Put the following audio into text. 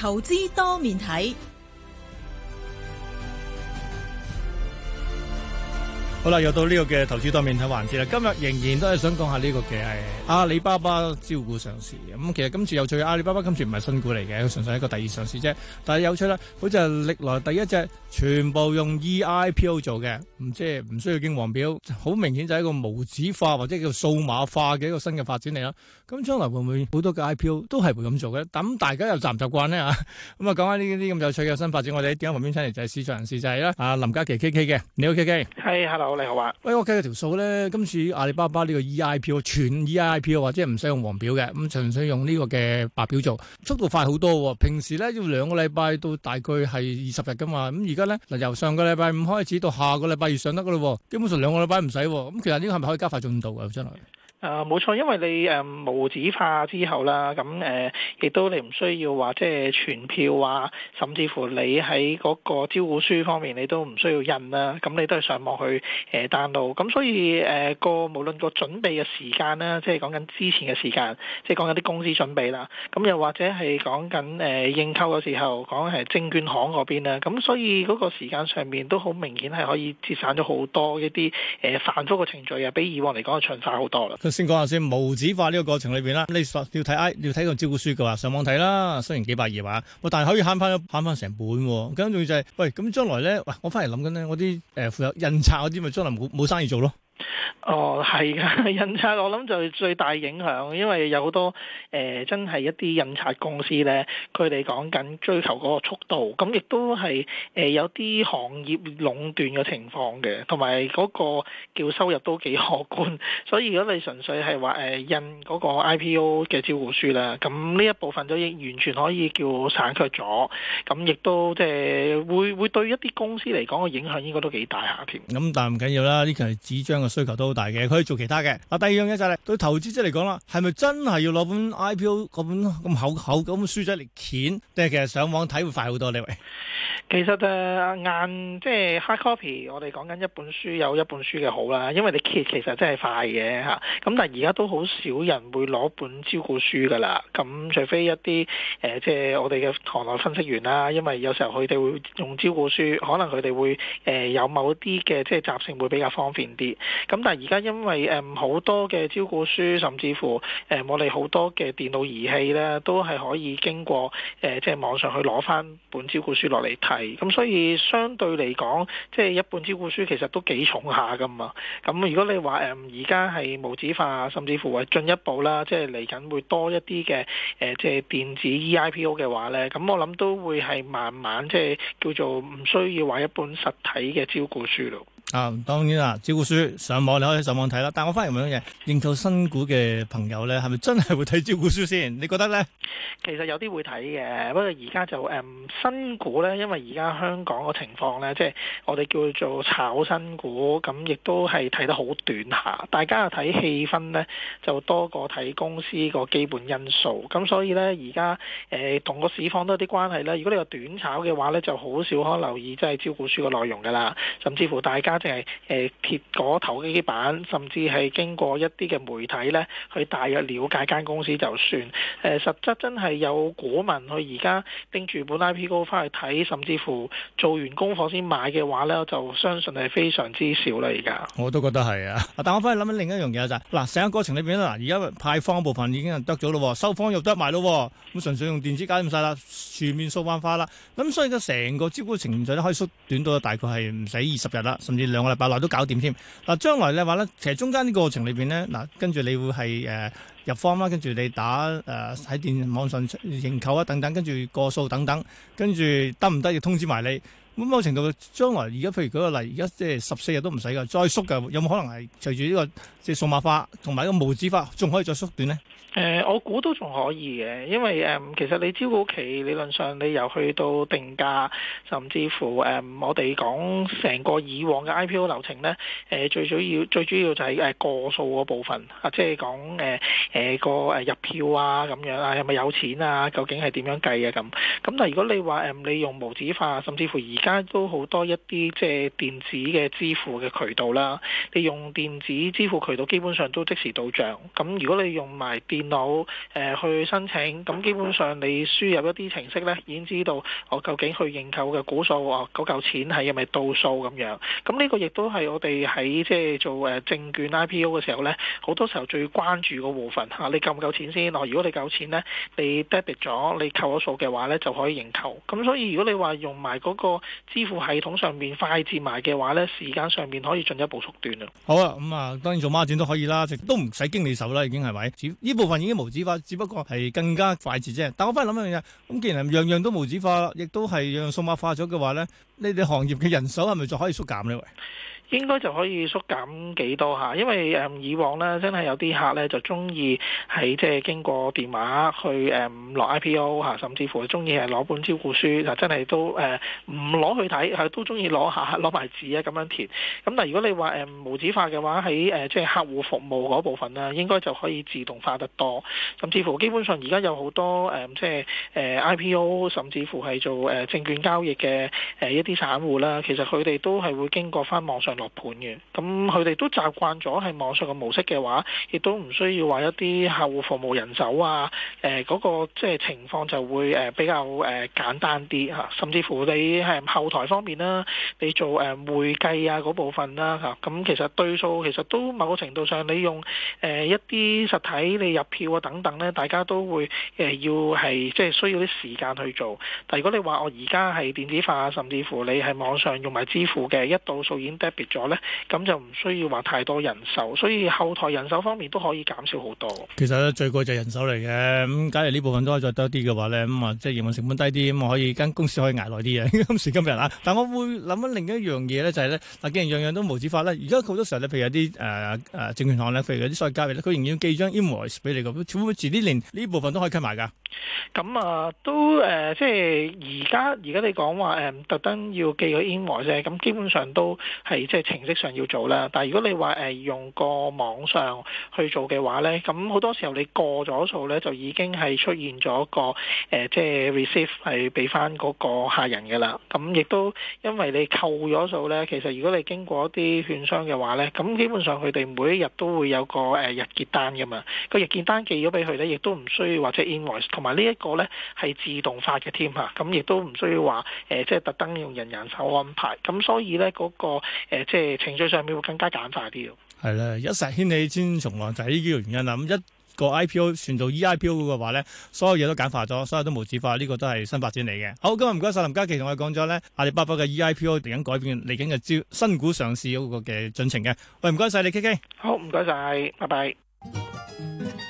投資多面睇。好啦，又到呢個嘅投資多面睇環節啦。今日仍然都係想講下呢、這個嘅係、哎、阿里巴巴招股上市。咁其實今次有趣，阿里巴巴今次唔係新股嚟嘅，純粹係一個第二上市啫。但係有趣啦，好似係歷來第一隻全部用 E I P O 做嘅，唔即係唔需要經黃表。好明顯就係一個無紙化或者叫數碼化嘅一個新嘅發展嚟啦。咁將來會唔會好多嘅 I P O 都係會咁做嘅？咁大家又習唔習慣呢？吓？咁啊，講翻呢啲咁有趣嘅新發展，我哋喺電話旁邊出嚟就係市場人士就係、是、啦。林嘉麒 K K 嘅，你好 K K，係，hello。你好啊，喂、哎，我計咗條數咧，今次阿里巴巴呢個 eIPO 全 eIPO，或者係唔使用黃表嘅，咁、嗯、純粹用呢個嘅白表做，速度快好多、哦。平時咧要兩個禮拜到，大概係二十日噶嘛，咁而家咧嗱由上個禮拜五開始到下個禮拜二上得噶啦、哦，基本上兩個禮拜唔使、哦，咁、嗯、其實呢個係咪可以加快進度啊真係？誒冇、啊、錯，因為你誒無紙化之後啦，咁誒亦都你唔需要話即係傳票啊，甚至乎你喺嗰個招股書方面你都唔需要印啦、啊，咁你都係上網去誒 download，咁、呃呃、所以誒個、呃、無論個準備嘅時間啦，即係講緊之前嘅時間，即係講緊啲公司準備啦，咁又或者係講緊誒應購嘅時候講係證券行嗰邊啦，咁所以嗰個時間上面都好明顯係可以節省咗好多一啲誒繁複嘅程序啊，比以往嚟講係快好多啦。先講下先無紙化呢個過程裏邊啦，你實要睇，要睇個招股書嘅話，上網睇啦。雖然幾百頁啊，我但係可以慳翻，慳翻成本喎。咁仲要就係、是，喂，咁將來咧，喂，我翻嚟諗緊咧，我啲誒，負責印刷嗰啲咪將來冇冇生意做咯。哦，係噶印刷，我諗就最大影響，因為有好多誒、呃，真係一啲印刷公司咧，佢哋講緊追求嗰個速度，咁、嗯、亦都係誒、呃、有啲行業壟斷嘅情況嘅，同埋嗰個叫收入都幾可觀。所以如果你純粹係話誒印嗰個 IPO 嘅招股書咧，咁、嗯、呢一部分就亦完全可以叫省卻咗，咁、嗯、亦都即係、呃、會會對一啲公司嚟講嘅影響應該都幾大下添。咁、嗯嗯、但唔緊要啦，呢個係紙張嘅。需求都好大嘅，佢可以做其他嘅。嗱，第二樣嘢就係對投資者嚟講啦，係咪真係要攞本 IPO 嗰本咁厚厚咁嘅書仔嚟鉗？定係其實上網睇會快好多呢？ 其實誒硬即係 hard copy，我哋講緊一本書有一本書嘅好啦，因為你揭其實真係快嘅嚇。咁但係而家都好少人會攞本招股書㗎啦。咁除非一啲誒即係我哋嘅行內分析員啦，因為有時候佢哋會用招股書，可能佢哋會誒、呃、有某啲嘅即係習性會比較方便啲。咁但係而家因為誒好、呃、多嘅招股書，甚至乎誒、呃、我哋好多嘅電腦儀器咧，都係可以經過誒即係網上去攞翻本招股書落嚟睇。咁、嗯、所以相對嚟講，即係一本招股書其實都幾重下㗎嘛。咁、嗯、如果你話誒而家係無紙化，甚至乎係進一步啦，即係嚟緊會多一啲嘅誒，即係電子 eIPO 嘅話咧，咁、嗯、我諗都會係慢慢即係叫做唔需要話一本實體嘅招股書咯。啊，當然啦，招股書上網你可以上網睇啦。但我反而問樣嘢，認購新股嘅朋友咧，係咪真係會睇招股書先？你覺得咧？其實有啲會睇嘅，不過而家就誒、嗯，新股咧，因為而家香港個情況咧，即係我哋叫做炒新股，咁亦都係睇得好短下。大家啊睇氣氛咧，就多過睇公司個基本因素。咁所以咧，而家誒同個市況都有啲關係啦。如果你話短炒嘅話咧，就好少可留意即係招股書個內容噶啦，甚至乎大家。即係誒揭嗰投資板，甚至係經過一啲嘅媒體咧，去大約了解間公司就算。誒、呃，實質真係有股民去而家拎住本 IPO 翻去睇，甚至乎做完功課先買嘅話咧，就相信係非常之少啦。而家我都覺得係啊， 但我翻去諗緊另一樣嘢就係嗱成個過程裏邊啦，而家派方部分已經係得咗咯，收方又得埋咯，咁純粹用電子搞掂晒曬啦，全面數碼化啦，咁所以嘅成個招股程序都可以縮短到大概係唔使二十日啦，甚至。兩個禮拜內都搞掂添。嗱、啊，將來嘅話咧,其實中間呢個過程裏邊咧,嗱、啊,跟住你會係誒、呃、入方啦,跟住你打誒喺、呃、電網上面認購啊,等等,跟住個數等等,跟住得唔得要通知埋你。咁某程度，將來而家譬如舉個例，而家即係十四日都唔使噶，再縮噶，有冇可能係隨住呢個即係數碼化同埋一個無紙化，仲可以再縮短咧？誒、呃，我估都仲可以嘅，因為誒、嗯、其實你招股期理論上，你由去到定價，甚至乎誒、嗯、我哋講成個以往嘅 IPO 流程咧，誒、呃、最主要最主要就係、是、誒、呃、過數個部分啊，即係講誒誒個誒入票啊咁樣啊，係咪有錢啊？究竟係點樣計啊？咁咁，但係如果你話誒、嗯、你用無紙化，甚至乎以而家都好多一啲即係電子嘅支付嘅渠道啦，你用電子支付渠道基本上都即時到賬。咁如果你用埋電腦誒去申請，咁基本上你輸入一啲程式咧，已經知道我究竟去認購嘅股數啊，嗰嚿錢係咪到數咁樣，咁呢個亦都係我哋喺即係做誒證券 IPO 嘅時候咧，好多時候最關注個部分吓，你夠唔夠錢先？哦，如果你夠錢咧，你 debit 咗，你扣咗數嘅話咧，就可以認購，咁所以如果你話用埋嗰個支付系統上面快捷埋嘅話呢，時間上面可以進一步縮短啊！好啊，咁、嗯、啊，當然做孖展都可以啦，都唔使經你手啦，已經係咪？呢部分已經無紙化，只不過係更加快捷啫。但係我返諗一樣嘢，咁既然係樣樣都無紙化，亦都係樣樣數碼化咗嘅話呢，呢啲行業嘅人手係咪就可以縮減呢？喂。應該就可以縮減幾多嚇，因為誒、嗯、以往咧真係有啲客咧就中意喺即係經過電話去誒、嗯、落 IPO 嚇、啊，甚至乎中意係攞本招股書，就真係都誒唔攞去睇，係都中意攞下攞埋紙啊咁樣填。咁、嗯、但如果你話誒、嗯、無紙化嘅話，喺誒、呃、即係客戶服務嗰部分啦，應該就可以自動化得多，甚至乎基本上而家有好多誒、嗯、即係誒、呃、IPO，甚至乎係做誒證券交易嘅誒一啲散戶啦，其實佢哋都係會經過翻網上。落盤嘅，咁佢哋都習慣咗喺網上嘅模式嘅話，亦都唔需要話一啲客戶服務人手啊，誒、呃、嗰、那個即係情況就會誒比較誒簡單啲嚇，甚至乎你係後台方面啦、啊，你做誒會計啊嗰部分啦、啊、嚇，咁、啊、其實對數其實都某程度上你用誒一啲實體你入票啊等等咧，大家都會誒要係即係需要啲時間去做，但如果你話我而家係電子化，甚至乎你係網上用埋支付嘅，一到數已經 debit 咗咧，咁就唔需要話太多人手，所以後台人手方面都可以減少好多。其實最貴就係人手嚟嘅，咁、嗯、假如呢部分都可以再多啲嘅話咧，咁、嗯、啊即係業務成本低啲，咁、嗯、啊可以間公司可以捱耐啲嘅今時今日啊。但我會諗緊另一樣嘢咧，就係咧嗱，既然樣樣都無紙化咧，而家好多時候咧，譬如有啲誒誒證券行咧，譬如有啲所謂交易咧，佢仍然要寄張 email 俾你，咁會唔會遲啲連呢部分都可以 cut 埋㗎？咁啊都誒、呃，即係而家而家你講話誒、呃，特登要寄個 email 啫，咁、嗯、基本上都係即係。程式上要做啦，但係如果你話誒、呃、用個網上去做嘅話咧，咁好多時候你過咗數咧，就已經係出現咗個誒、呃、即係 receive 係俾翻嗰個客人㗎啦。咁亦都因為你扣咗數咧，其實如果你經過一啲券商嘅話咧，咁基本上佢哋每一日都會有個誒、呃、日結單㗎嘛。個日結單寄咗俾佢咧，亦都唔需要或者 invoice，同埋呢一個咧係自動化嘅添嚇，咁亦都唔需要話誒、呃、即係特登用人人手安排。咁所以咧嗰、嗰個、呃即係程序上面會更加簡化啲咯，係啦，一石掀起千重浪就係呢幾個原因啦。咁一個 IPO 算做 E-IPO 嘅話咧，所有嘢都簡化咗，所有都無紙化，呢、這個都係新發展嚟嘅。好，今日唔該晒，林嘉麒同我哋講咗咧，阿里巴巴嘅 E-IPO 嚟緊改變嚟緊嘅招新股上市嗰個嘅進程嘅。喂，唔該晒你，K K。好，唔該晒，拜拜。